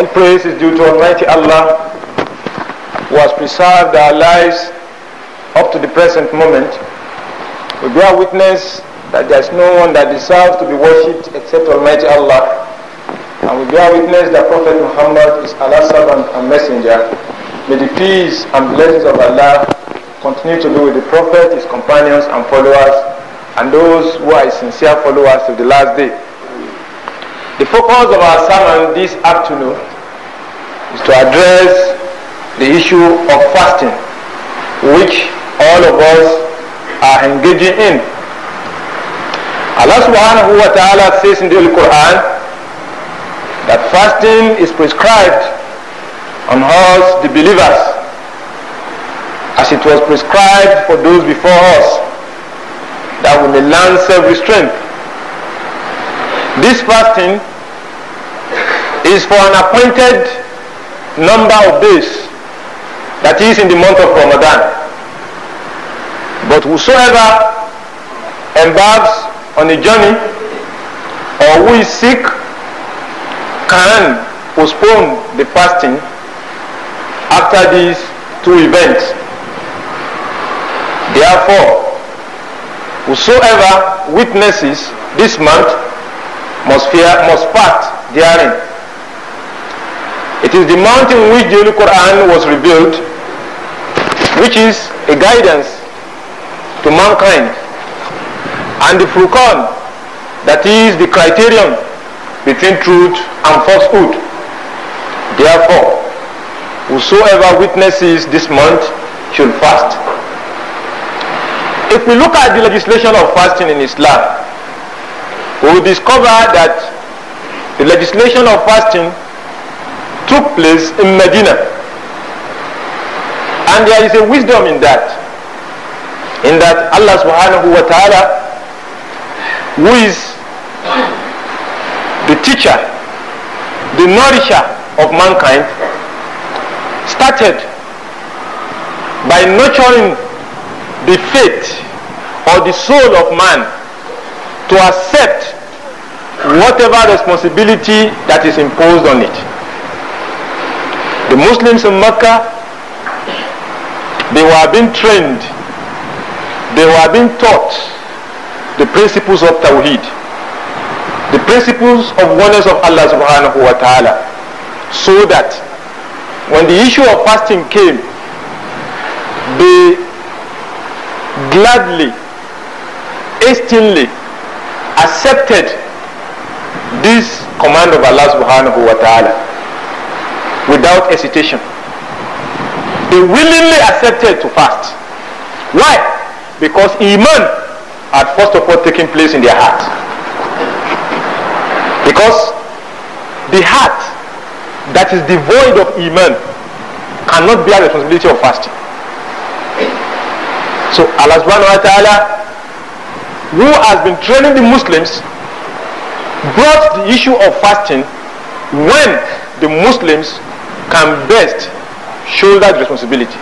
All praise is due to Almighty Allah who has preserved our lives up to the present moment. We bear witness that there is no one that deserves to be worshipped except Almighty Allah. And we bear witness that Prophet Muhammad is Allah's servant and messenger. May the peace and blessings of Allah continue to be with the Prophet, his companions and followers, and those who are sincere followers of the last day. The focus of our sermon this afternoon is to address the issue of fasting, which all of us are engaging in. Allah subhanahu wa ta'ala says in the Quran that fasting is prescribed on us, the believers, as it was prescribed for those before us, that we may learn self-restraint. This fasting is for an appointed number of days that is in the month of Ramadan. But whosoever embarks on a journey or who is sick can postpone the fasting after these two events. Therefore, whosoever witnesses this month must fear must fast therein it is the mountain in which the Holy Quran was revealed, which is a guidance to mankind. And the Furqan, that is the criterion between truth and falsehood. Therefore, whosoever witnesses this month should fast. If we look at the legislation of fasting in Islam, we will discover that the legislation of fasting took place in Medina. And there is a wisdom in that. In that Allah subhanahu wa ta'ala, who is the teacher, the nourisher of mankind, started by nurturing the faith or the soul of man to accept whatever responsibility that is imposed on it. The Muslims in Mecca, they were being trained, they were being taught the principles of Tawheed, the principles of oneness of Allah subhanahu wa ta'ala, so that when the issue of fasting came, they gladly, hastily accepted this command of Allah subhanahu wa ta'ala without hesitation. He willingly accepted to fast. Why? Because Iman had first of all taken place in their heart. Because the heart that is devoid of Iman cannot bear the responsibility of fasting. So Allah subhanahu wa ta'ala who has been training the Muslims brought the issue of fasting when the Muslims can best shoulder the responsibility.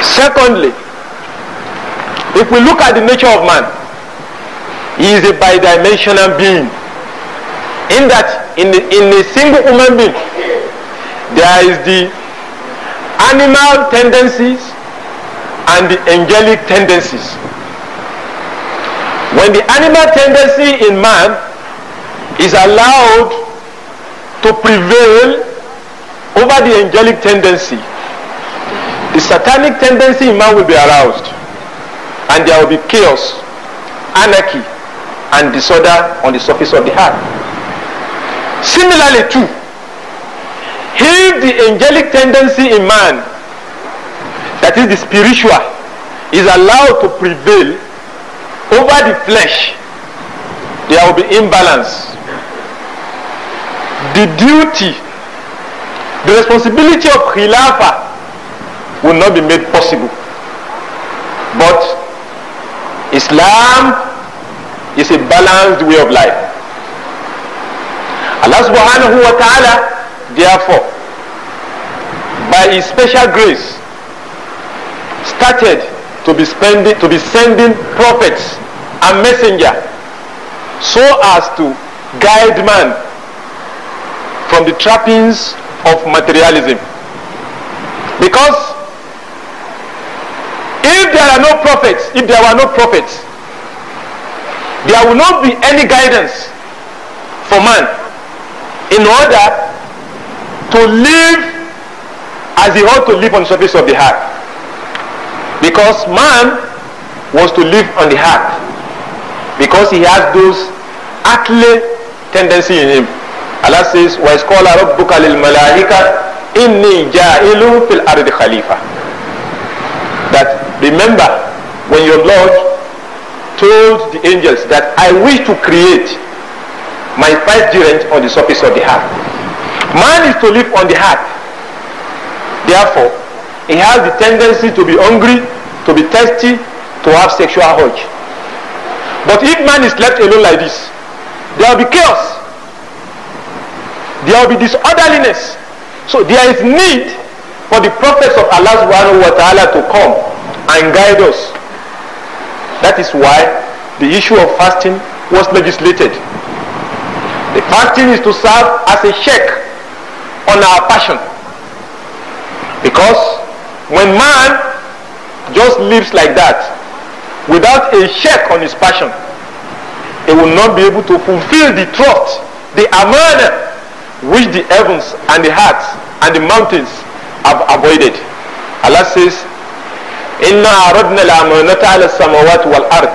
Secondly, if we look at the nature of man, he is a bidimensional being. In that, in, the, in a single human being, there is the animal tendencies and the angelic tendencies. When the animal tendency in man is allowed to prevail over the angelic tendency. The satanic tendency in man will be aroused, and there will be chaos, anarchy, and disorder on the surface of the earth. Similarly, too, if the angelic tendency in man, that is the spiritual, is allowed to prevail over the flesh, there will be imbalance the duty, the responsibility of Khilafah will not be made possible. But Islam is a balanced way of life. Allah subhanahu wa ta'ala, therefore, by his special grace, started to be spending to be sending prophets and messenger so as to guide man from the trappings of materialism. Because if there are no prophets, if there were no prophets, there will not be any guidance for man in order to live as he ought to live on the surface of the earth. Because man wants to live on the earth because he has those earthly tendency in him. Allah says, "Wa iskola rabbuka lil malaika inni ja'ilun fil ardi khalifa." That remember when your Lord told the angels that I wish to create my five vicegerent on the surface of the earth. Man is to live on the earth. Therefore, he has the tendency to be hungry, to be thirsty, to have sexual urge. But if man is left alone like this, there will be chaos there will be disorderliness. So there is need for the prophets of Allah subhanahu wa ta'ala to come and guide us. That is why the issue of fasting was legislated. The fasting is to serve as a check on our passion. Because when man just lives like that, without a check on his passion, he will not be able to fulfill the trust, the amana the heavens and the hearts and the mountains have avoided. Allah says, إِنَّا عَرَضْنَا الْأَمَانَةَ عَلَى السَّمَوَاتِ وَالْأَرْضِ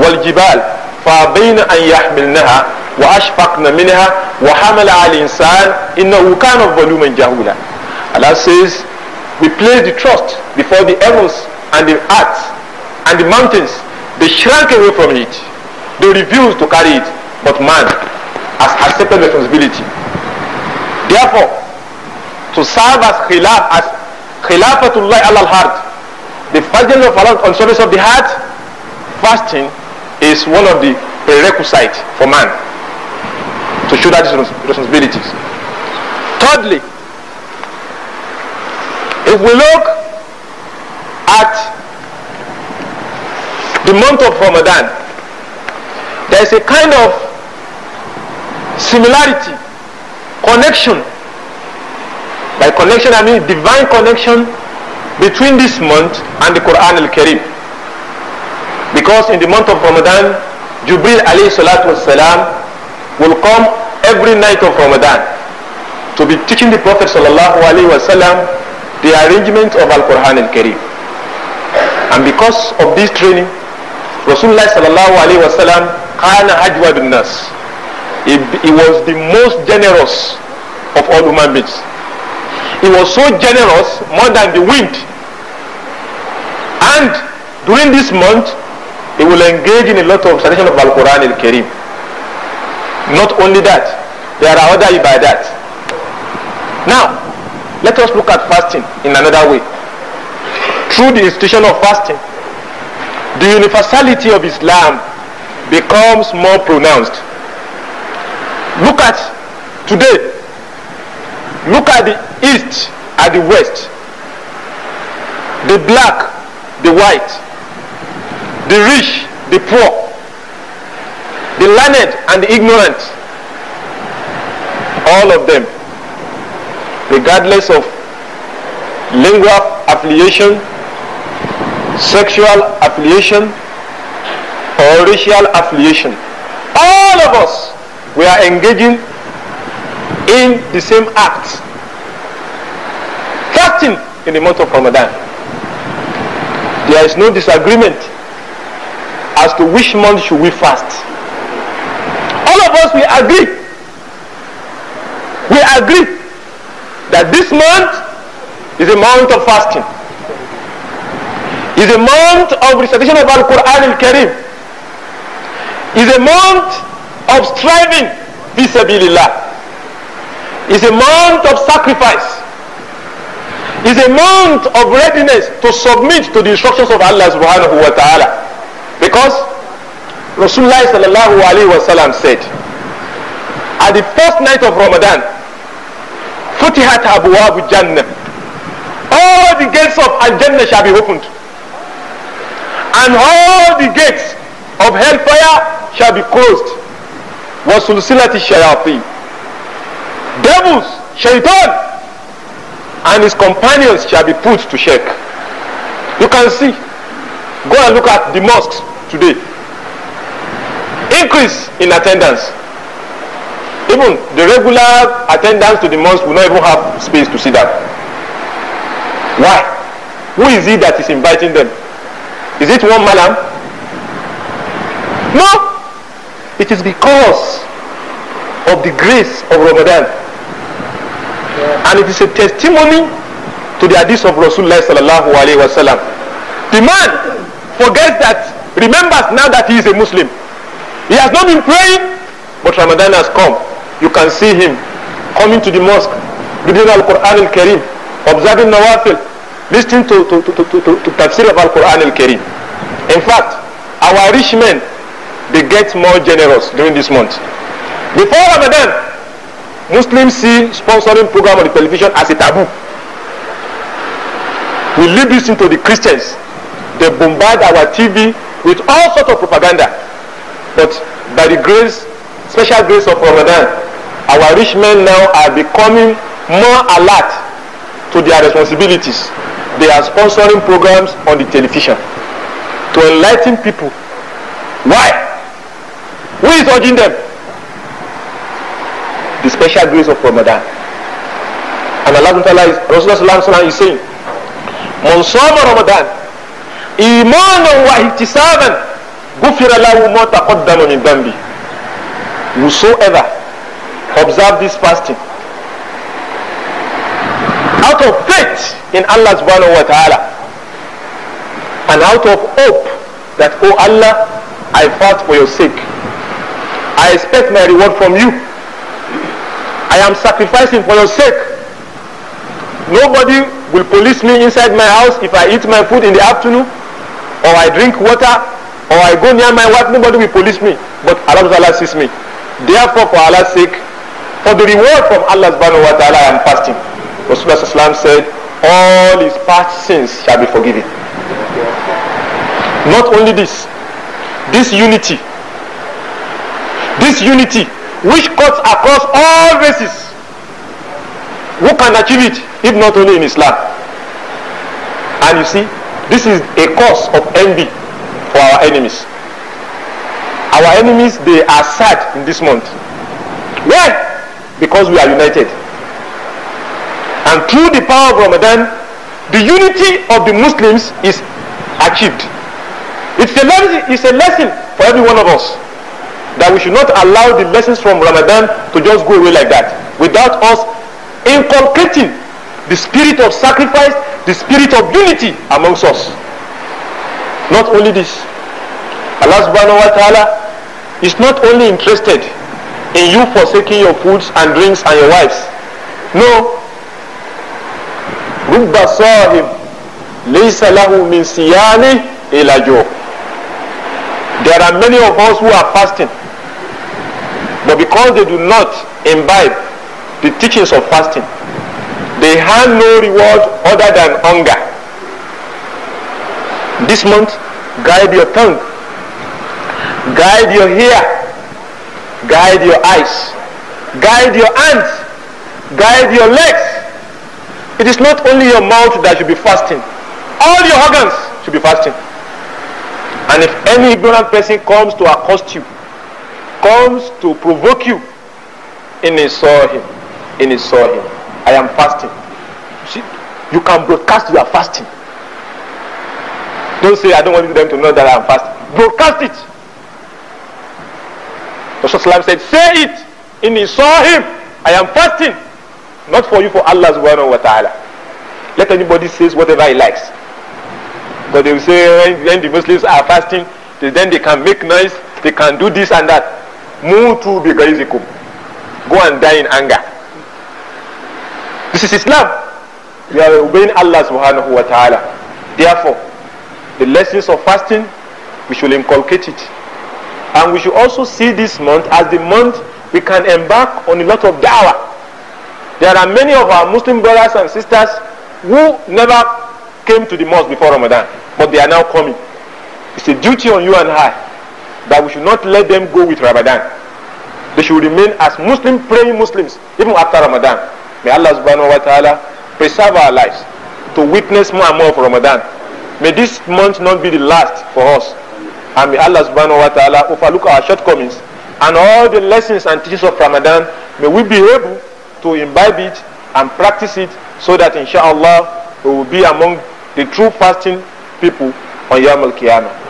وَالْجِبَالِ فَأَبَيْنَ أَنْ يَحْمِلْنَهَا وَأَشْفَقْنَ مِنْهَا وَحَمَلَ عَلَى الْإِنسَانِ إِنَّهُ كَانَ ظَلُومًا جَهُولًا Allah says, we place the trust before the heavens and the earth and the mountains. They shrank away from it. They refused to carry it. But man has accepted responsibility. Therefore, to serve as khilaf, as khilafatullah al heart, the fasting of Allah on service of the heart, fasting is one of the prerequisites for man to shoulder these responsibilities. Thirdly, if we look at the month of Ramadan, there is a kind of similarity connection. By connection, I mean divine connection between this month and the Quran al-Karim. Because in the month of Ramadan, Jibril alayhi salatu wasalam will come every night of Ramadan to be teaching the Prophet sallallahu alayhi wasallam the arrangement of Al-Quran al-Karim. And because of this training, Rasulullah sallallahu alayhi wasallam كان bin nas. He, he was the most generous of all human beings. He was so generous, more than the wind. And during this month, he will engage in a lot of recitation of Al-Quran and Karim. Not only that, there are other ibadat. Now, let us look at fasting in another way. Through the institution of fasting, the universality of Islam becomes more pronounced. Look at today. Look at the east, at the west. The black, the white. The rich, the poor. The learned and the ignorant. All of them, regardless of lingual affiliation, sexual affiliation, or racial affiliation. All of us we are engaging in the same act fasting in the month of Ramadan there is no disagreement as to which month should we fast all of us we agree we agree that this month is a month of fasting is a month of recitation of Al-Quran Al-Karim is a month of striving vis-a-vis is a month of sacrifice. Is a month of readiness to submit to the instructions of Allah subhanahu wa ta'ala. Because Rasulullah sallallahu alayhi wa sallam said, at the first night of Ramadan, Futihat Abuabu Jannah. All the gates of Al-Jannah shall be opened. And all the gates of hellfire shall be closed. وَسُلْسِلَةِ الشَّيَاطِينَ Devils, shaitan, and his companions shall be put to shake. You can see. Go and look at the mosques today. Increase in attendance. Even the regular attendance to the mosque will not even have space to see that. Why? Who is it that is inviting them? Is it one man? No. It is because of the grace of Ramadan. Yeah. And it is a testimony to the hadith of Rasulullah sallallahu alayhi wa sallam. The man forgets that, remembers now that he is a Muslim. He has not been praying, but Ramadan has come. You can see him coming to the mosque, reading Al-Quran al-Karim, observing Nawafil, listening to, to, to, to, to, to tafsir of Al-Quran al-Karim. In fact, our rich men they get more generous during this month. Before Ramadan, Muslims see sponsoring program on the television as a taboo. We leave this into the Christians. They bombard our TV with all sorts of propaganda. But by the grace, special grace of Ramadan, our rich men now are becoming more alert to their responsibilities. They are sponsoring programs on the television to enlighten people. Why? Who is urging them? The special grace of Ramadan. And Allah is, Rasulullah is saying, من Ramadan, iman wa واحتسابا غفر له ما تقدم من dambi. whosoever observe this fasting out of faith in Allah subhanahu wa ta'ala and out of hope that oh Allah I fast for your sake I expect my reward from you. I am sacrificing for your sake. Nobody will police me inside my house if I eat my food in the afternoon or I drink water or I go near my wife. Nobody will police me. But Allah Ta'ala sees me. Therefore, for Allah's sake, for the reward from Allah subhanahu wa ta'ala, I am fasting. Rasulullah said, all his past sins shall be forgiven. Not only this, this unity this unity, which cuts across all races, who can achieve it if not only in Islam? And you see, this is a cause of envy for our enemies. Our enemies, they are sad in this month. Why? Because we are united. And through the power of Ramadan, the unity of the Muslims is achieved. It's a, lesson, it's a lesson for every one of us that we should not allow the lessons from Ramadan to just go away like that without us inculcating the spirit of sacrifice, the spirit of unity amongst us. Not only this, Allah subhanahu wa ta'ala is not only interested in you forsaking your foods and drinks and your wives. No. رُبَّ لَيْسَ لَهُ مِنْ إِلَى There are many of us who are fasting but because they do not imbibe the teachings of fasting, they have no reward other than hunger. This month, guide your tongue, guide your hair, guide your eyes, guide your hands, guide your legs. It is not only your mouth that should be fasting, all your organs should be fasting. And if any ignorant person comes to accost you, comes to provoke you, and he saw him, and he saw him. I am fasting. See, you can broadcast you are fasting. Don't say I don't want them to know that I am fasting. Broadcast it. The Rasulullah said, say it. And he saw him. I am fasting. Not for you, for Allah's word wa ta'ala. Let anybody says whatever he likes. But they will say when the Muslims are fasting, then they can make noise, they can do this and that mutu bi ghaizikum go and die in anger this is islam you are obeying allah subhanahu wa ta'ala therefore the lessons of fasting we should inculcate it and we should also see this month as the month we can embark on a lot of da'wah there are many of our muslim brothers and sisters who never came to the mosque before ramadan but they are now coming it's a duty on you and i that we should not let them go with Ramadan. They should remain as Muslim praying Muslims even after Ramadan. May Allah subhanahu wa ta'ala preserve our lives to witness more and more of Ramadan. May this month not be the last for us. And may Allah subhanahu wa ta'ala overlook our shortcomings and all the lessons and teachings of Ramadan. May we be able to imbibe it and practice it so that inshallah we will be among the true fasting people on Yom Al-Qiyamah.